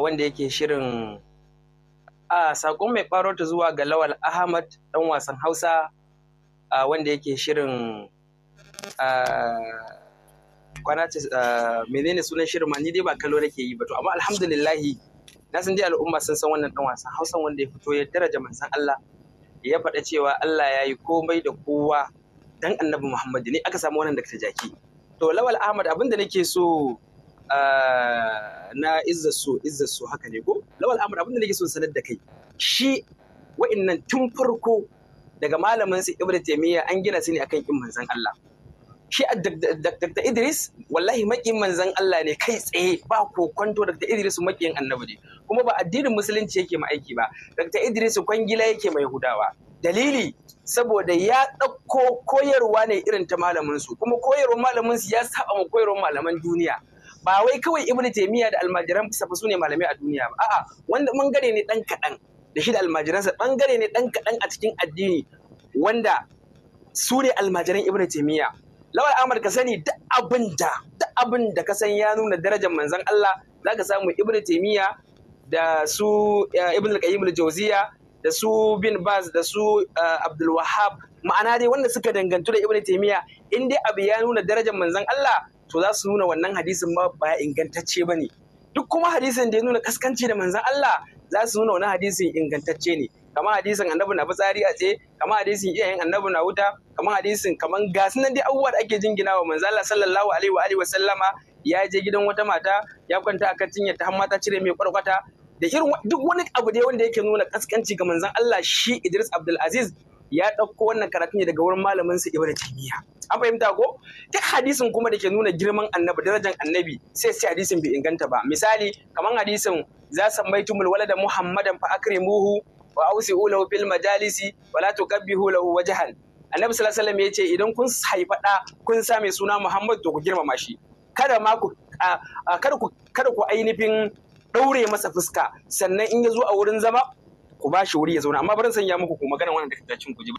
wanda yake shirin a sakon mai ta zuwa ga lawal ahmad dan wasan hausa wanda yake shirin kwana ce menene sunan shirin ma ni dai ba kallo nake yi ba to amma alhamdulillah na san dai al'umma sun san wannan dan wasan hausan wanda ya fito ya daraja manzon Allah ya faɗa cewa Allah ya yi komai da kowa dan annabi Muhammad ne aka samu wannan ta jaki to lawal Ahmad abinda da nake so na izzasu izzasu haka ne ko lawal amur abin da nake son sanar da kai shi wa'annan tun farko daga malamin su ibnu taymiya an gina su ne akan in manzan Allah shi Dr. Idris wallahi makin manzan Allah ne kai tsaye ba ko kwanto Dr. Idris makin annabi ne kuma ba addinin musulunci yake mai aiki ba Dr. Idris kwangila yake mai hudawa dalili saboda ya ɗauko koyarwa ne irin ta malamin su kuma koyarwar malamin su ya saba ma koyarwar malaman duniya ba wai kawai ibnu taymiya da almajiran sa su ne malamai a duniya ba a'a wanda bangare ne dan kadan da shi da almajiransa bangare ne dan kadan a cikin addini wanda su ne almajiran ibnu taymiya lawal Ahmad ka sani duk abin da duk abin da ka san ya nuna darajar manzon Allah zaka samu ibnu taymiya da su eh, ibn al-qayyim al-jawziya da su bin baz da su eh, abdul wahab ma'ana dai wanda suka dangantu da ibnu taymiya in dai abu ya nuna darajar manzon Allah to za su nuna wannan hadisin ma ba ingantacce ba ne duk kuma hadisin da ya nuna kaskanci da manzan Allah za su nuna wannan hadisin ingantacce ne kamar hadisin annabi na fitsari a tsaye kamar hadisin iyayen annabi na wuta kamar hadisin kamar ga sunan dai abubuwa da ake jingina wa manzan Allah sallallahu alaihi wa alihi wa sallama ya je gidan wata mata ya kwanta a akan cinya ta hamma ta cire mai kwarkwata da irin duk wani abu da wanda yake nuna kaskanci ga manzan Allah shi Idris Abdul Aziz ya ɗauko wannan karatun ne daga wurin malamin sa Ibn Taymiyyah an fahimta ko duk hadisin kuma da ke nuna girman annabi darajar annabi sai sai hadisin bai inganta ba misali kamar hadisin za san baitumul walada muhammadan fa akrimuhu wa Ausi, lahu fil majalisi wa la tuqabbihu lahu wajhan annabi sallallahu alaihi wasallam yace idan kun haifa da kun sa mai suna muhammad to ku girmama shi kada ma ku kada ku kada ku ainihin daure masa fuska sannan in ya zo a wurin zama ku ba shi wuri ya zauna amma bari sanya muku ku magana wannan da kacin ku ji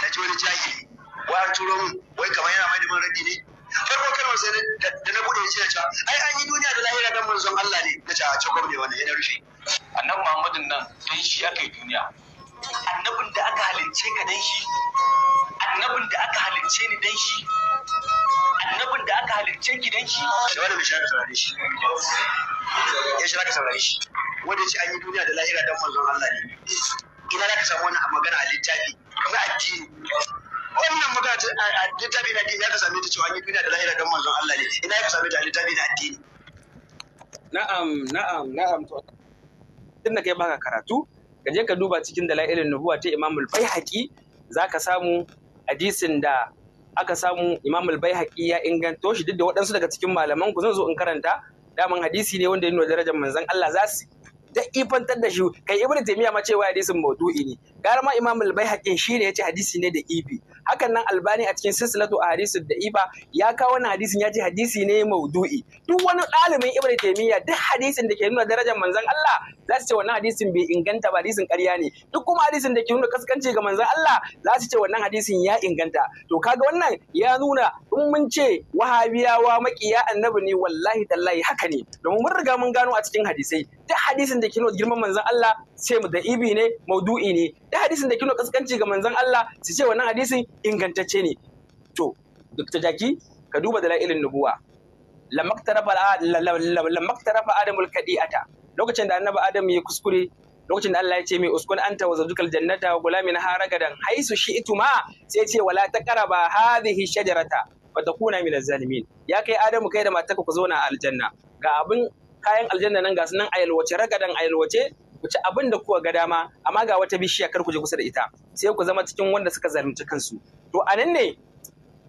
ta ji wani jahili wa an turo mu wai kamar yana mai da mun ne farko kalmar sai da na bude shi cewa ai an yi duniya da lahira dan manzon Allah ne ta ce a cikin gwamnati wannan yana rushe annabi Muhammadin nan dan shi aka yi duniya annabin da aka halince ka dan shi annabin da aka halince ni dan shi annabin da aka halince ki dan shi da wani bishara saurare shi ya shi aka saurare shi wanda ce an yi duniya da lahira dan manzon Allah ne ina za ka samu wannan magana a littafi na addini wannan magana a littafi na addini ya ka same ta cewa an yi duniya da lahira dan manzon Allah ne ina ya ka same ta a littafi na addini na'am na'am na'am to tun da kai baka karatu ka je ka duba cikin dalailin nubuwa ta Imam al-Baihaqi zaka samu hadisin da aka samu Imam al-Baihaqi ya inganto shi duk da waɗansu daga cikin malaman ku zan zo in karanta daman hadisi ne wanda ya nuna darajar manzon Allah za su da ifantar da shi kai ibnu taymiya ma cewa hadisin maudu'i ne gara ma imam al-baihaqi shine yace hadisi ne da ifi hakan nan albani a cikin silsilatu a hadisu da ifa ya kawo wannan hadisin ya ce hadisi ne maudu'i duk wani ɗalibin ibnu taymiya duk hadisin da ke nuna darajar manzon Allah za su ce wannan hadisin bai inganta ba hadisin ƙarya ne duk kuma hadisin da ke nuna kaskanci ga manzon Allah za su ce wannan hadisin ya inganta to kaga wannan ya nuna in mun ce wahabiyawa makiya annabi ne wallahi tallahi haka ne domin mun riga mun gano a cikin hadisai duk hadisin da ke nuna girman manzon Allah sai mu da ibi ne maudu'i ne duk hadisin da ke nuna kaskanci ga manzon Allah su ce wannan hadisin ingantacce ne to dr jaki ka duba da la'ilin nubuwa lamaktarafa adamul kadi'ata lokacin da annabi adam ya kuskure lokacin da Allah ya ce mai uskun anta wa zawjukal jannata wa gulamin haragadan haisu ituma sai ce wala taqraba hadhihi shajarata wa takuna min zalimin ya kai adamu kai da matarka ku zauna a aljanna ga abin kayan aljanna nan ga sunan nan a ragadan a wace. ku abin da kuwa ga dama amma ga wata bishiya kar ku je kusa da ita sai ku zama cikin wanda suka zalunci kansu to nan ne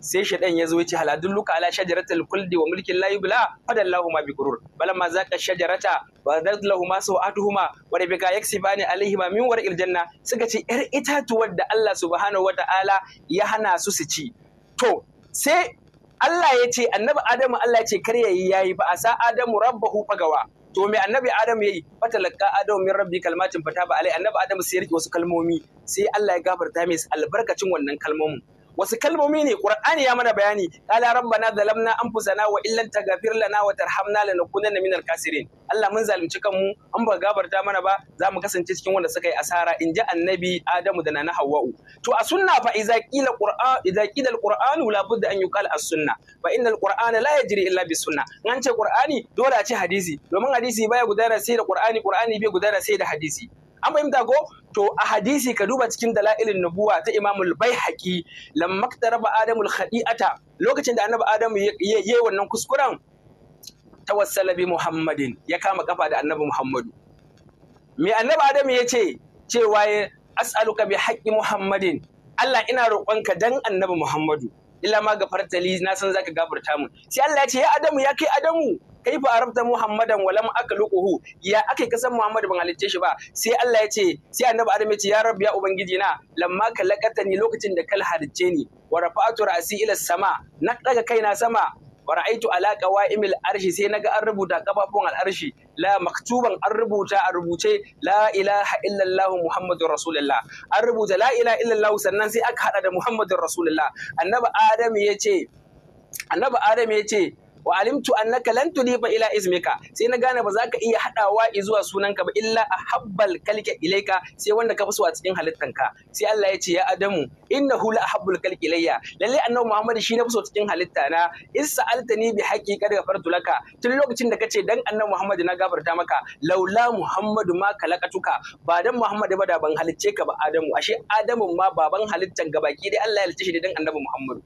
sai shaidan ya zo ya ce haladun luka ala shajaratul kuldi wa mulkin la yubla fadallahu ma bi gurur balamma zaqa shajarata wa radallahu ma sawatuhuma wa rabbika yaksibani ma min waril janna suka ce yar itatuwar da Allah subhanahu wataala ya hana su su ci to sai Allah ya ce annabi Adamu Allah ya ce kar yayi yayi ba a sa Adamu rabbahu fagawa to me annabi adam yayi fatalaka adam min rabbi kalmatin fataba alai annabi adam sai ya rike wasu kalmomi sai Allah ya gafarta mai albarkacin wannan kalmomin wasu kalmomi ne qur'ani ya mana bayani qala rabbana zalamna anfusana wa illan tagfir lana wa tarhamna lanakunanna minal kasirin Allah mun zalunci kanmu an ba gabarta mana ba za mu kasance cikin wanda suka yi asara in ji annabi Adamu da nana hauwa'u. to a sunna fa idza qila qur'an idza qila alquran la budda an yuqal as-sunna fa inna al la yajri illa bis sunna an ce qur'ani dole a ce hadisi domin hadisi baya gudana sai da qur'ani qur'ani bai gudana sai da hadisi an fahimta ko to a hadisi ka duba cikin dalailin nubuwa ta Imamul bai baihaqi lamma raba Adamu khadiata lokacin da Annabi Adamu ya yi wannan kuskuren tawassala bi Muhammadin ya kama kafa da Annabi Muhammadu me Annabi Adamu ya ce cewa ya as'aluka bi haƙi Muhammadin Allah ina roƙonka dan Annabi Muhammadu illa ma gafartali na san zaka gafarta mu sai Allah ya ce ya Adamu ya kai Adamu kaifa arabta muhammadan wa lam akluquhu ya akai kasan muhammadu ban halicce shi ba sai Allah ya ce sai annabi adam ya ce ya rabbi ya ubangiji na lamma ni lokacin da kal halicce ni wa rafa'tu ra'si ila sama na daga kaina sama wa ra'aitu ala qawa'imil arshi sai naga an rubuta kafafun al'arshi la maktuban an rubuta a rubuce la ilaha illallah muhammadur rasulullah an rubuta la ilaha illallah sannan sai aka hada da muhammadur rasulullah annabi adam ya ce annabi adam ya ce wa alimtu annaka lan tudifa ila ismika sai na gane ba za ka iya hadawa zuwa sunanka ba illa ahabbal kalki ilaika sai wanda ka fi so a cikin halittanka sai Allah ya ce ya adamu innahu la habbal kalki ilayya lalle annabi muhammad shi na fi so cikin halitta na isa altani bi haqiqat gafartu laka tun lokacin da kace dan annabi muhammad na gafarta maka laula muhammadu ma kalakatuka ba dan muhammad ba da ban halicce ka ba adamu ashe adamu ma baban halittan gabaki dai Allah ya halicce shi dan annabi muhammadu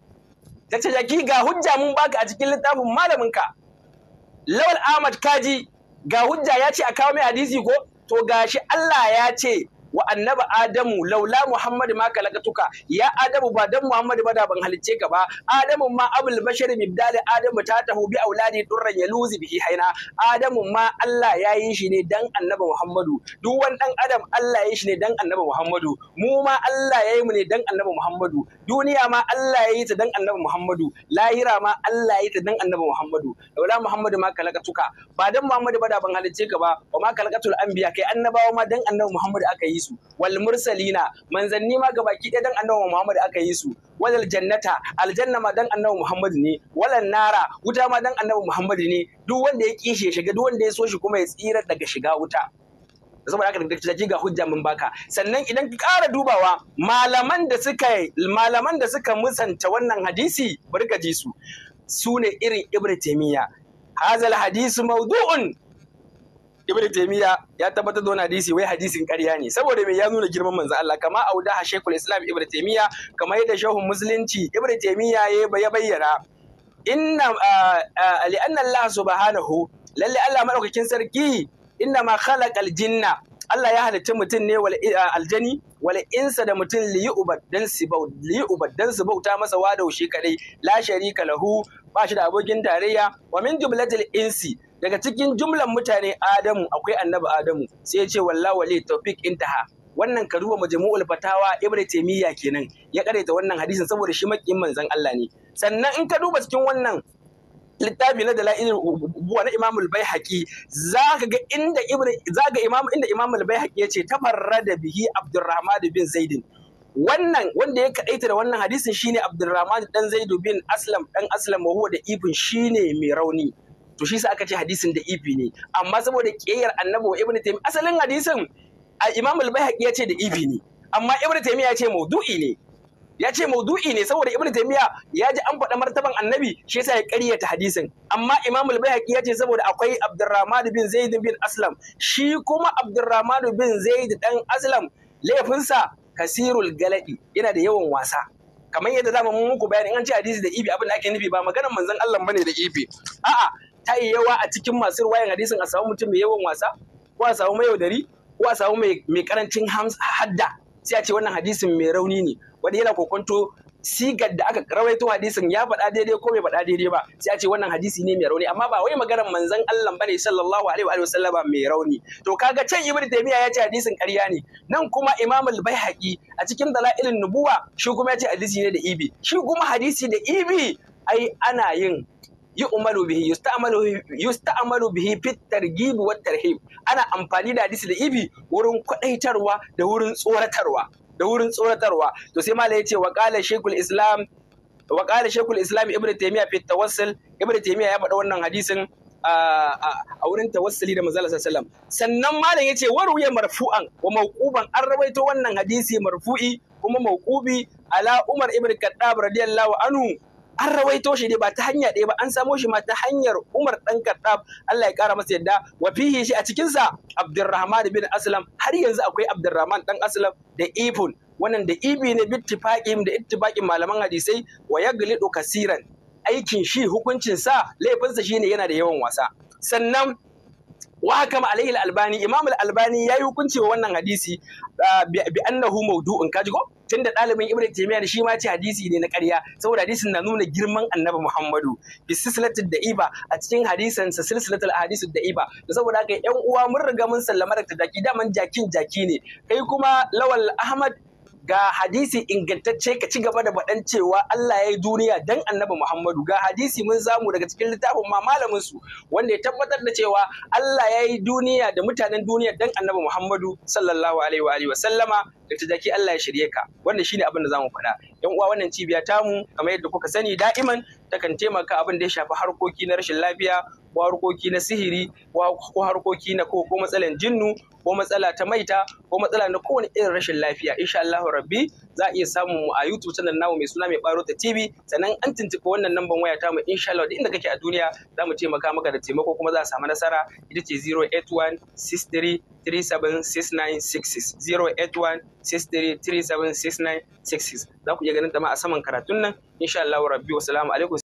dakta jaki ga hujja mun baka a cikin littafin malaminka lawal ahmad kaji ga hujja ya ce a kawo mai hadisi ko to gashi Allah ya ce wa annaba adamu laula muhammad ma kalakatuka ya adamu ba dan muhammad ba da ban halicce ka ba adamu ma abul bashari mibdali adamu ta tahu bi auladi durran ya luzi bihi haina adamu ma Allah ya yi shi ne dan annaba muhammadu duk wani dan adam Allah ya yi shi ne dan annaba muhammadu mu ma Allah ya yi mu ne dan annaba muhammadu duniya ma Allah ya yi ta dan annabi Muhammadu lahira ma Allah ya yi ta dan annabi Muhammadu wala Muhammadu ma kalakatuka ba dan Muhammadu ba da ban halice ka ba wa ma kalakatul anbiya kai annabawa ma dan annabi Muhammadu aka yi su wal mursalina manzanni ma gabaki ɗaya dan annabi Muhammadu aka yi su walal jannata aljanna ma dan annabi Muhammadu ne walan nara wuta ma dan annabi Muhammadu ne duk wanda ya kishe shiga duk wanda ya so shi kuma ya tsira daga shiga wuta saboda haka da kake ga hujja mun baka sannan idan ka ƙara dubawa malaman da suka malaman da suka musanta wannan hadisi bari ka ji su su ne irin ibnu taymiya hazal hadisu mawdu'un ibnu taymiya ya tabbatar da wani hadisi wai hadisin ƙarya ne saboda me ya nuna girman manzo Allah kama auda shaykhul islam ibnu taymiya kama yadda shehun musulunci ibnu taymiya ya bayyana inna ah, ah, li'anna Allah subhanahu lalle Allah madaukakin sarki inna ma khalaqal jinna Allah ya halitta mutum ne wal eh, aljani wal insa da mutum liyu dan sibau liyu sibau ta masa wadaushe shi kadai la sharika lahu ba shi da abokin tarayya wa min jumlatil insi daga cikin jumlan mutane Adamu akwai annabi Adamu sai ya ce wallahi wali tawfik intaha wannan karuwa majmu'ul fatawa ibnu taymiya kenan ya karaita wannan hadisin saboda shi makiyin manzon Allah ne sannan in ka duba cikin wannan littafi na dalailin buwa na imamul za ka ga inda ibnu zaka imam inda imamul baihaqi yace da bihi abdurrahman bin zaidin wannan wanda ya kaɗaita da wannan hadisin shine abdurrahman dan zaidu bin aslam dan aslam wa huwa da ibn shine mai rauni to shi sa aka ce hadisin da ifi ne amma saboda ƙeyar annabi wa ibnu taymiya asalin hadisin a imamul al haƙi ya ce da ibi ne amma ibnu taimi ya ce maudu'i ne ya ce maudu'i ne saboda ibnu taymiya ya ji an faɗa martaban annabi shi yasa ya ƙaryata hadisin amma imam al ya ce saboda akwai abdurrahman bin zaid bin aslam shi kuma abdurrahman bin zaid dan aslam laifinsa kasirul galadi yana da yawan wasa kamar yadda zamu mun muku bayani an ce hadisi da ibi abin da ake nufi ba maganar manzon Allah bane da ibi a'a ta yi yawa a cikin masu ruwayan hadisin a samu mutum mai yawan wasa ko a samu mai yaudari ko a samu mai karancin hadda sai a ce wannan hadisin mai rauni ne wani yana kokonto sigar da aka rawaito hadisin ya faɗa daidai ko bai faɗa daidai ba sai a ce wannan hadisi ne mai rauni amma ba wai maganar manzon Allah bane sallallahu alaihi wa sallama mai rauni to kaga can ibnu taymiya ya ce hadisin ƙarya ne nan kuma imam al-baihaqi a cikin dalailin nubuwa shi kuma ya ce hadisi ne da ibi shi kuma hadisi da ibi ai ana yin yi umaru bihi yusta'malu yusta'malu bihi fit targhib wat tarhib ana amfani da hadisi da ibi wurin kwadaitarwa da wurin tsoratarwa da wurin tsoratarwa to sai malai yace wa qala shaykhul islam wa qala shaykhul islam ibnu taymiya fi tawassul ibnu taymiya ya faɗa wannan hadisin a wurin tawassuli da manzala sallam sannan malam yace waruya marfu'an wa mawquban an rawaito wannan hadisi marfu'i kuma mawqubi ala Umar ibn Khattab radiyallahu anhu an rawaito shi ne ba ta hanya ɗaya ba an samo shi ma ta hanyar Umar ɗan Kaddaf Allah ya kara masa yadda wa fihi shi a cikin sa Abdurrahman bin Aslam har yanzu akwai Abdurrahman ɗan Aslam da Ibn wannan da ibi ne bittifaqim da ittifaqin malaman hadisai wa yaglidu kasiran aikin shi hukuncin sa laifinsa sa shine yana da yawan wasa sannan wa hakama alaihi albani imam albani yayi hukunci wa wannan hadisi ah, bi annahu mawdu'un kaji ko tunda dalibin ibnu taymiya shi ma ce hadisi ne na ƙarya saboda hadisin na nuna girman annabi muhammadu bi silsilatul da'iba a cikin hadisan sa silsilatul ahadisul da'iba da saboda haka yan uwa mun riga mun sallama da jaki daman jakin jaki ne kai kuma lawal ahmad ga hadisi ingantacce ka ci gaba da baɗan cewa Allah ya yi duniya dan annabi Muhammadu ga hadisi mun zamu daga cikin littafin ma malamin su wanda ya tabbatar da cewa Allah ya yi duniya da mutanen duniya dan annabi Muhammadu sallallahu alaihi wa alihi wa sallama da tajaki Allah ya shirye ka wannan shine abin da zamu faɗa yan uwa wannan cibiya tamu kamar yadda kuka sani da'iman takan taimaka abin da ya shafi harkoki na rashin lafiya ko harkoki na sihiri ko harkoki na ko matsalan jinnu ko matsala ta maita ko matsala na kowane irin rashin lafiya insha Allah rabbi za a iya samun mu a YouTube channel namu mai suna mai baro ta TV sannan an tuntuɓi wannan number waya ta mu insha Allah inda kake a duniya za mu taimaka maka da taimako kuma za a samu nasara ita ce 081 63 za ku iya ganin ta ma a saman karatun nan insha Allah rabbi wassalamu alaikum